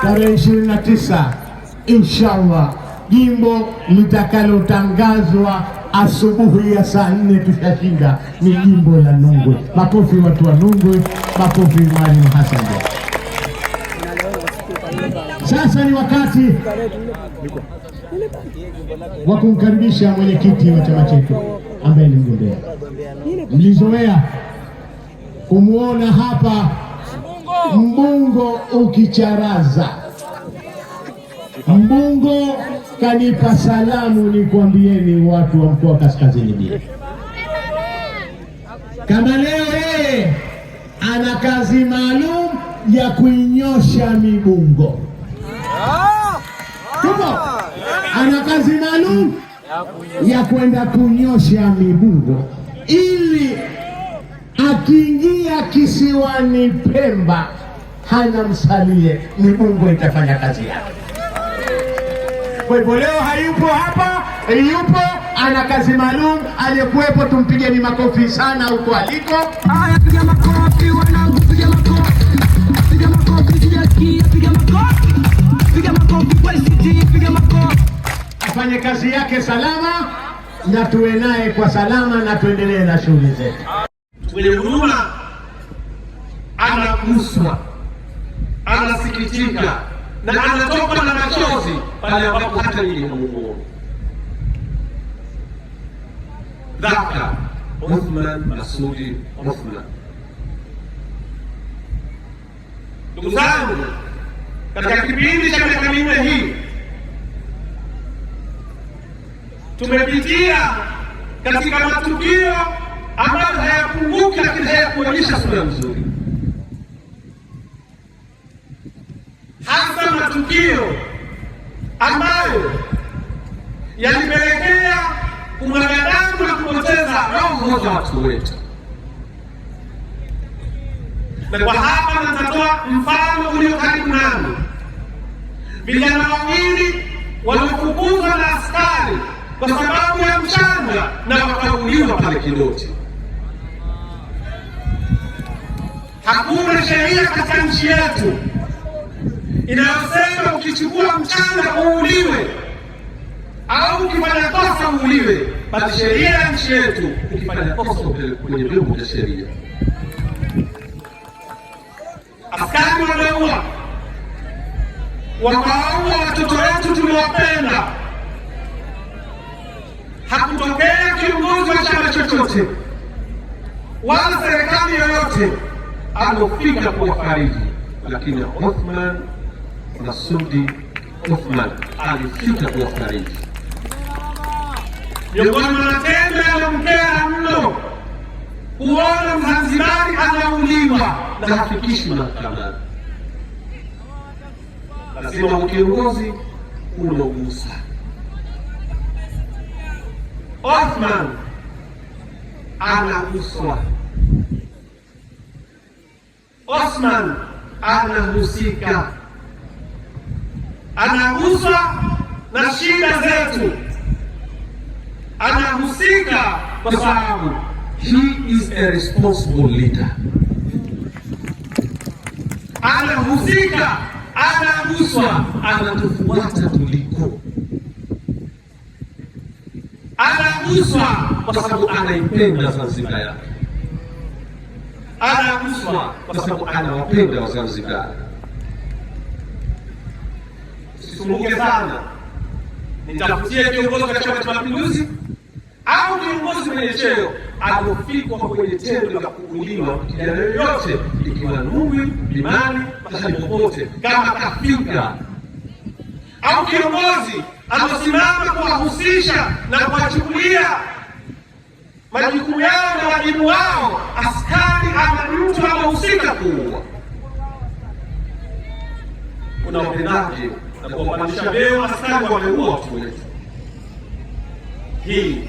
tarehe 29 inshallah, jimbo litakalotangazwa asubuhi ya saa nne tushashinda, ni jimbo la Nungwe. Makofi watu wa Nungwe, makofi Mwalimu Hassan. Sasa ni wakati wa kumkaribisha mwenyekiti wa chama chetu ambaye ni mgombea. Mlizoea kumwona hapa mbungo ukicharaza, mbungo kanipa salamu. Nikwambieni watu wa mkoa kaskazini bila, kama leo yeye ana kazi maalum ya kuinyosha mibungo, tupo, ana kazi maalum ya kwenda kunyosha mibungo ili akiingia kisiwani Pemba hana msalie, ni Mungu itafanya kazi yake. Kwa hivyo leo hayupo hapa, yupo ana kazi maalum. Aliyekuwepo ni makofi sana huko aliko. Piga makofi wanangu, piga makofi, piga makofi piga makofi, piga makofi kwa piga makofi. Afanye kazi yake salama na tuwe naye kwa salama, na tuendelee na shughuli zetu mwenye huruma anaguswa, anasikitika na anatokwa na machozi pale ambapo hata yeye hamuoni. Dhaka Uthman Masudi Uthman. Ndugu zangu, katika kipindi cha miaka minne hii tumepitia katika matukio ambayo hayapunguki lakini hayakuonyesha sura nzuri, hasa matukio ambayo yalipelekea kumwaga damu na kupoteza roho mmoja watu wetu. Na kwa hapa natatoa mfano ulio karibu nami, vijana wawili waliofukuzwa na askari kwa sababu ya mchanga na wakauliwa pale Kidoti. Hakuna sheria katika nchi yetu inayosema ukichukua mchanga uuliwe au ukifanya kosa uuliwe, bali sheria ya nchi yetu ukifanya kosa kwenye vyombo vya sheria. Askari wameua, wakawaua watoto wetu tumewapenda. Hakutokea kiongozi wa chama chochote wala serikali yoyote alofika kuwafariji, lakini na Masudi Uthman alifika kuwafariji. Miongoni mwa matendo yalomkera mno kuona Mzanzibari anauliwa na hafikishi mahakamani. Lazima ukiongozi unaogusa Othman anaguswa Osman anahusika, anaguswa na shida zetu, anahusika kwa sababu he is a responsible leader. Anahusika, anaguswa, anatufuata tuliko, anaguswa kwa sababu anaipenda Zanzibar yake anaguswa kwa sababu anawapenda Wazanzibari. Usisumbuke sana, nitafutie kiongozi wa Chama cha Mapinduzi au kiongozi mwenye cheo aliofikwa kwenye tendo la kuuliwa kijana yoyote, ikiwa Nungwi, Limani, mahali popote, kama kafika au kiongozi anasimama kuwahusisha na kuwachukulia majukumu yao na wajibu wao, askari ama mtu amehusika kuua. Kuna wapendaji na kuwapandisha vyeo askari, wameua watu wetu. Hii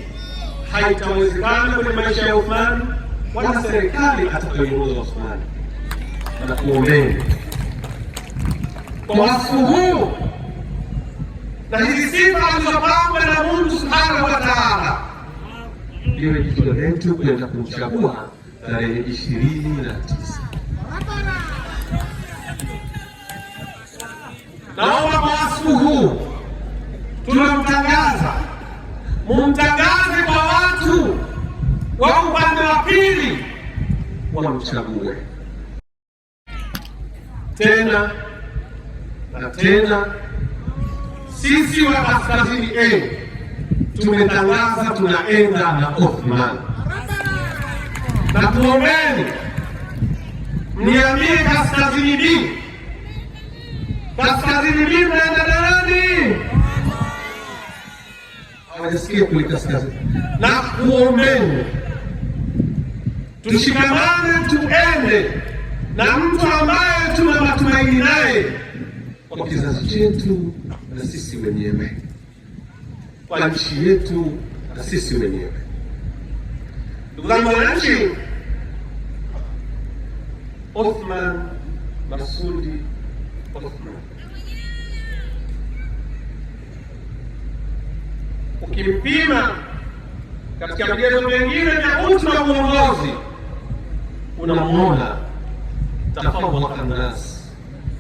haitawezekana kwenye maisha ya Uthmani wala serikali atakayoongoza Uthmani. Na kuombeni kwa wakfu huu na hizi sifa alizopangwa na Mungu subhanahu wa taala liwe jicho letu kwenda kumchagua tarehe ishirini na tisa. Naomba kwa wasiku huu tunamtangaza, mumtangaze kwa watu wa upande wa pili wamchague tena na tena. Sisi wa Kaskazini A tumetangaza tunaenda na Othman, na tuombeni niambie, kaskazini B, kaskazini B mnaenda na nani? Hawajasikia kule kaskazini. Na kuombeni tushikamane, tuende na mtu ambaye tuna matumaini naye kwa kizazi chetu na sisi wenyewe kwa nchi yetu na sisi wenyewe. Ndugu zangu wananchi, Othman Masudi Othman, ukimpima katika vigezo vingine vya utu na uongozi, unamuona tafawaka mnasi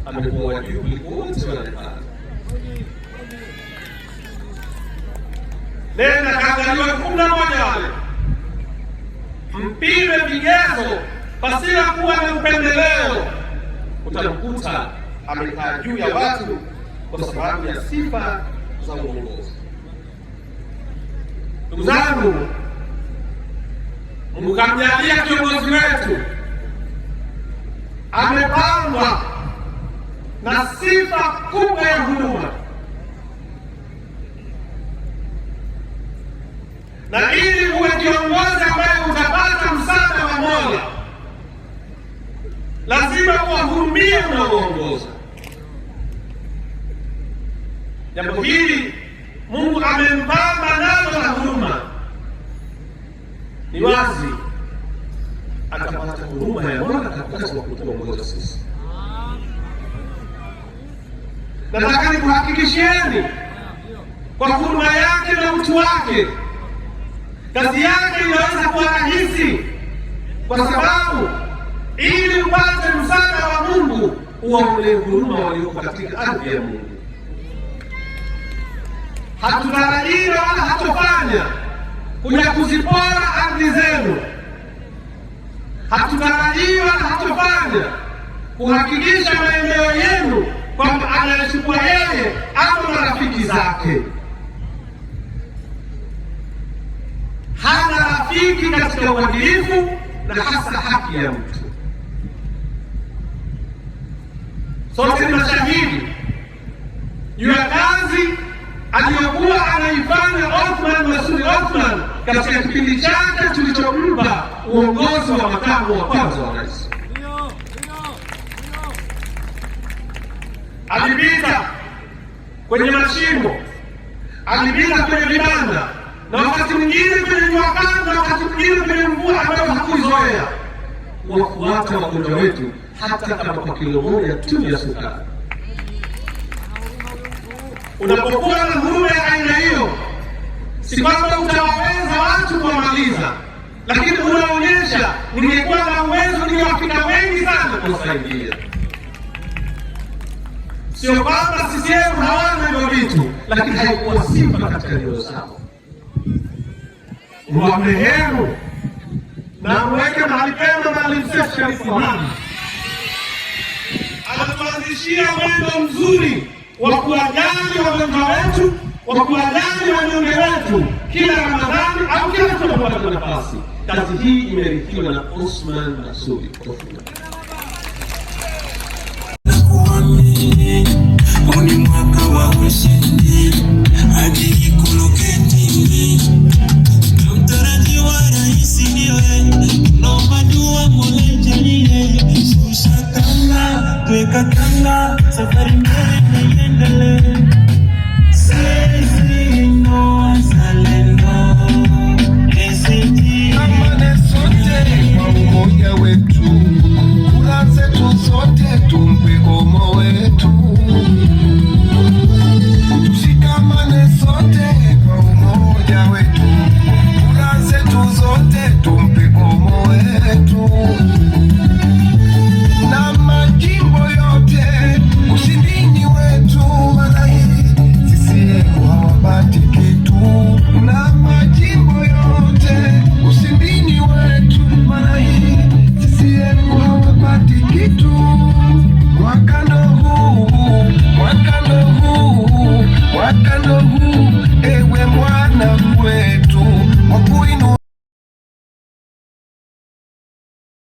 amekuwa juu kuliko wote wanaepata Nenda kaangaliwa kumi na moja wale mpime vigezo pasina kuwa na upendeleo, utamkuta amekaa juu ya watu kwa sababu ya sifa za uongozi. Ndugu zangu, mkamjalia kiongozi wetu amepambwa na sifa kubwa ya huruma. na ili uwe kiongozi ambaye utapata msaada wa Mola, lazima uwahurumie unaoongoza. Jambo hili Mungu amempamba nalo la huruma, ni wazi atapata huruma ya Mola atakapokuongoza sisi. Nataka nikuhakikishieni kwa huruma yake na utu wake kazi yake inaweza kuwa rahisi, kwa sababu ili upate msaada wa Mungu uwaonee huruma walioko katika ardhi ya Mungu. Hatutarajia wala hatofanya kuja kuzipora ardhi zenu, hatutarajia wala hatofanya kuhakikisha maeneo yenu kwamba anayechukua yeye au marafiki zake. kushiriki katika uadilifu na hasa haki ya mtu. Sote ni mashahidi juu ya kazi aliyokuwa anaifanya Othman Masudi Othman katika kipindi chake tulichompa uongozi wa makamu wa kwanza wa rais. Alipita kwenye mashimbo, alipita kwenye vibanda na wakati mwingine kwenye jua kali na wakati mwingine kwenye mvua ambayo hakuizoea, wafuata wagonjwa wetu hata kama kwa kilo moja tu ya sukari. Unapokuwa na huruma ya aina hiyo, si kwamba utawaweza watu kuwamaliza, lakini unaonyesha ningekuwa na uwezo ningewafika wengi sana kuwasaidia. Sio kwamba sisiemu hawana hivyo vitu, lakini haikuwa sifa katika nyoyo zao wameheru na mweke mahali pema, mahali mseshi alisimama. Anatuanzishia mwendo mzuri wa kuwajali wagonjwa wetu, wa kuwajali wanyonge wetu kila Ramadhani au kila tunapopata nafasi. Kazi hii imerithiwa na Osman Masudi Weka kanga, safari mbele sisi ndo wazalendo, ACT amane sote kwa umoja wetu, kura zetu zote tumpe